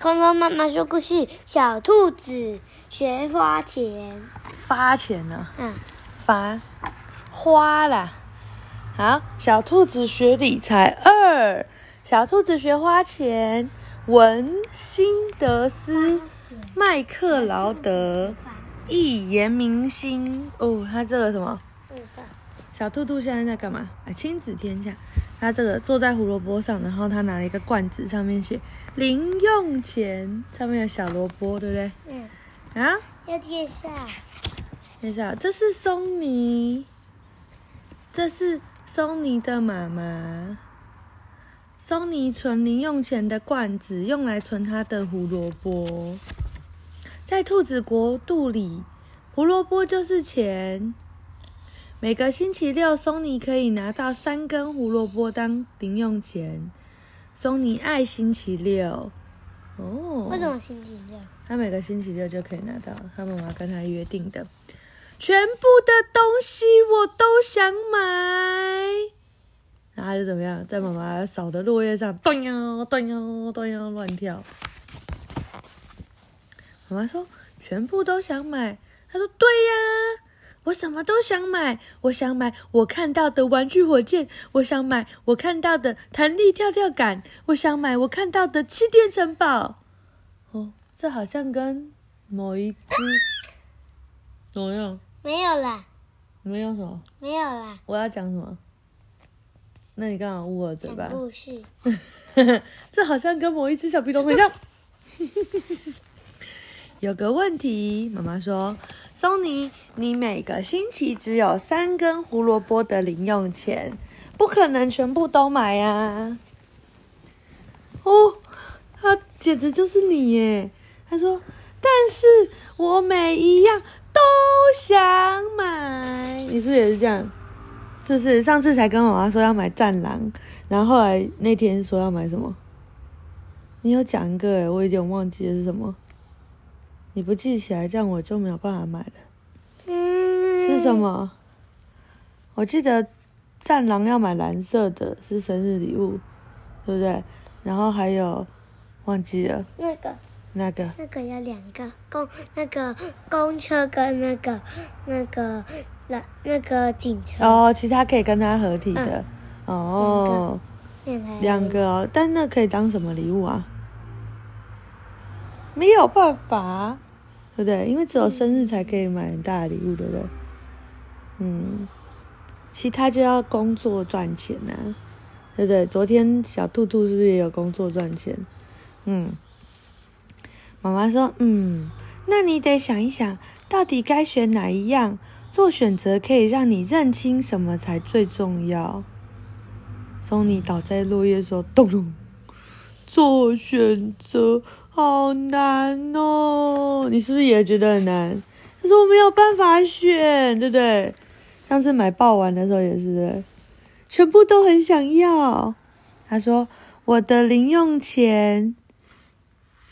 空空媽媽說故事：小兔子學花錢，發錢呢、啊？嗯，發，花了。好，小兔子學理財二：小兔子學花錢。文辛德斯，麥克勞德，譯顏銘新。哦，他這個什麼？小兔兔現在在幹嘛？啊，親子天下，它這個坐在胡蘿蔔上，然後它拿了一個罐子，上面寫零用錢，上面有小蘿蔔，對不對？嗯。啊？要介紹。介紹，這是松尼，這是松尼的媽媽。松尼存零用錢的罐子，用來存他的胡蘿蔔。在兔子國度裡，胡蘿蔔就是錢。每個星期六，松尼可以拿到三根胡蘿蔔當零用錢。松尼愛星期六，哦。為什麼星期六？他每個星期六就可以拿到，他媽媽跟他約定的。全部的東西我都想買。他、啊、就怎麼樣？在媽媽掃的落葉上，咚咚咚呀咚呀亂跳。媽媽說：“全部都想買。”他說：“對呀、啊。”我什麼都想買，我想買我看到的玩具火箭，我想買我看到的彈力跳跳桿，我想買我看到的氣墊城堡。哦，這好像跟某一隻，怎麼樣？沒有了，沒有什麼？沒有了。我要講什麼？那你剛好捂我嘴巴。故、嗯、事。 這好像跟某一隻小鼻龍很像。 有個問題，媽媽說。鬆尼，你每個星期只有三根胡蘿蔔的零用錢，不可能全部都買呀、啊。哦，他簡直就是你耶！他說：“但是我每一樣都想買。”你是不是也是這樣？就是上次才跟我媽說要買《戰狼》，然後後來那天說要買什麼？你有講一個誒，我有點忘記的是什麼。你不記起來，這樣我就沒有辦法買了。嗯，是什麼？我記得戰狼要買藍色的，是生日禮物，對不對？然後還有忘記了那個那個那個有兩個公那個公車跟那個那個那那個警車哦，其他可以跟他合體的、嗯、哦，兩個，兩個哦。但那可以當什麼禮物啊？沒有辦法。對不對？因為只有生日才可以買大的禮物，對不對？嗯，其他就要工作賺錢吶、啊，對不對？昨天小兔兔是不是也有工作賺錢？嗯，媽媽說，嗯，那你得想一想，到底該選哪一樣做選擇，可以讓你認清什麼才最重要？松尼倒在落葉的時候，咚隆，做選擇。好難哦，你是不是也覺得很難？可是我沒有辦法選，對不對？上次買爆丸的時候也是，全部都很想要。他說我的零用錢，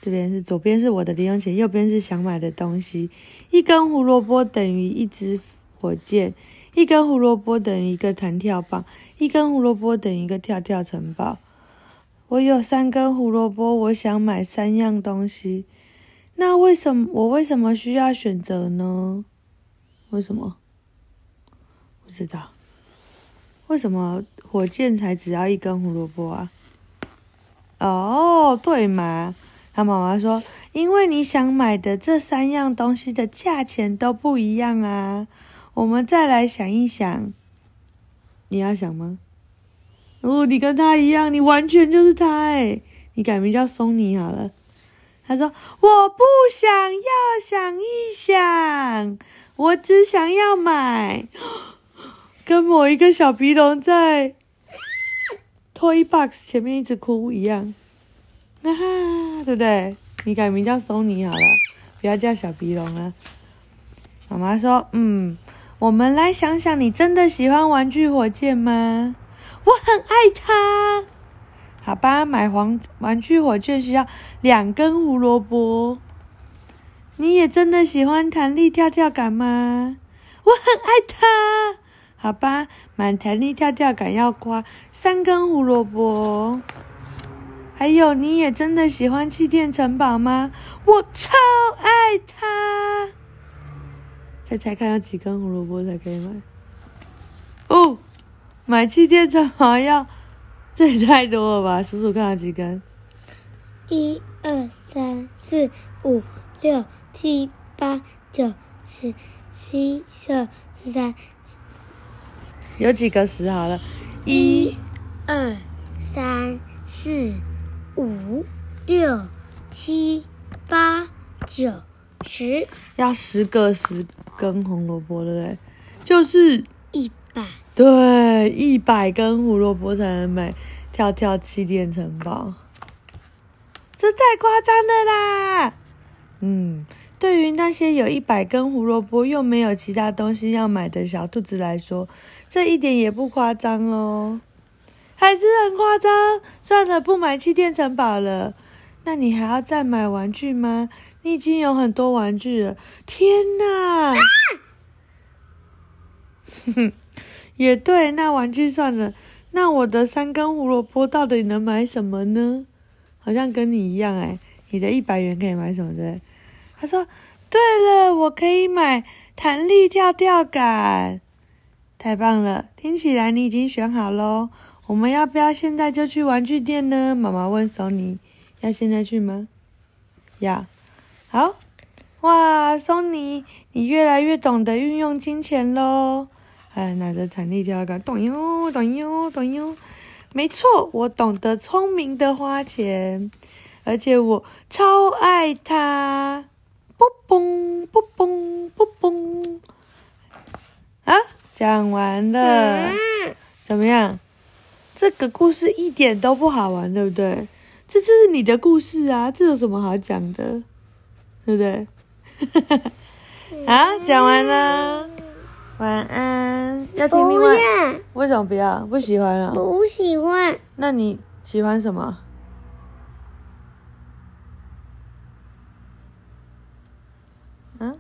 這邊是，左邊是我的零用錢，右邊是想買的東西。一根胡蘿蔔等於一支火箭，一根胡蘿蔔等於一個彈跳棒，一根胡蘿蔔等於一個跳跳城堡。我有三根胡蘿蔔，我想買三樣東西。那為什麼我為什麼需要選擇呢？為什麼？不知道。為什麼火箭才只要一根胡蘿蔔啊？哦，對嘛。她媽媽說，因為你想買的這三樣東西的價錢都不一樣啊。我們再來想一想，你要想嗎？哦，你跟他一樣，你完全就是他哎！你改名叫松尼好了。他說：“我不想要，想一想，我只想要買，跟某一個小鼻龍在 toy box 前面一直哭一樣。”哈哈，對不對？你改名叫松尼好了，不要叫小鼻龍了。媽媽說：“嗯，我們來想想，你真的喜歡玩具火箭嗎？”我很愛他，好吧。買黃玩具火箭需要兩根胡蘿蔔。你也真的喜歡彈力跳跳桿嗎？我很愛他，好吧。買彈力跳跳桿要刮三根胡蘿蔔。還有，你也真的喜歡氣墊城堡嗎？我超愛它。猜猜看要幾根胡蘿蔔才可以買？買氣墊怎麼要？這也太多了吧！數數看有幾根。一二三四五六七八九十，十一十二十三。有幾個十好了？一二三四五六七八九十，要十個十根紅蘿蔔的嘞，就是一。1, 對，一百根胡蘿蔔才能買跳跳氣墊城堡，這太誇張的啦！嗯，對於那些有一百根胡蘿蔔又沒有其他東西要買的小兔子來說，這一點也不誇張哦，還是很誇張。算了，不買氣墊城堡了。那你還要再買玩具嗎？你已經有很多玩具了。天哪！哼、啊、哼。 也對，那玩具算了。那我的三根胡蘿蔔到底能買什麼呢？好像跟你一樣哎、欸。你的一百元可以買什麼的？他說：“對了，我可以買彈力跳跳杆。”太棒了！聽起來你已經選好嘍。我們要不要現在就去玩具店呢？媽媽問松尼：“要現在去嗎？”“要。”“好。”“哇，松尼，你越來越懂得運用金錢嘍！”哎，拿着彈力跳繩，咚呦咚呦咚呦，沒錯，我懂得聰明的花錢，而且我超愛它，嘣嘣嘣嘣嘣，啊、呃，講、呃呃呃、完了、嗯，怎麼樣？這個故事一點都不好玩，對不對？這就是你的故事啊，這有什麼好講的，對不對？ 啊，講完了。嗯不要！為什麼不要？不喜歡啊！不喜歡。那你喜歡什麼？嗯？啊？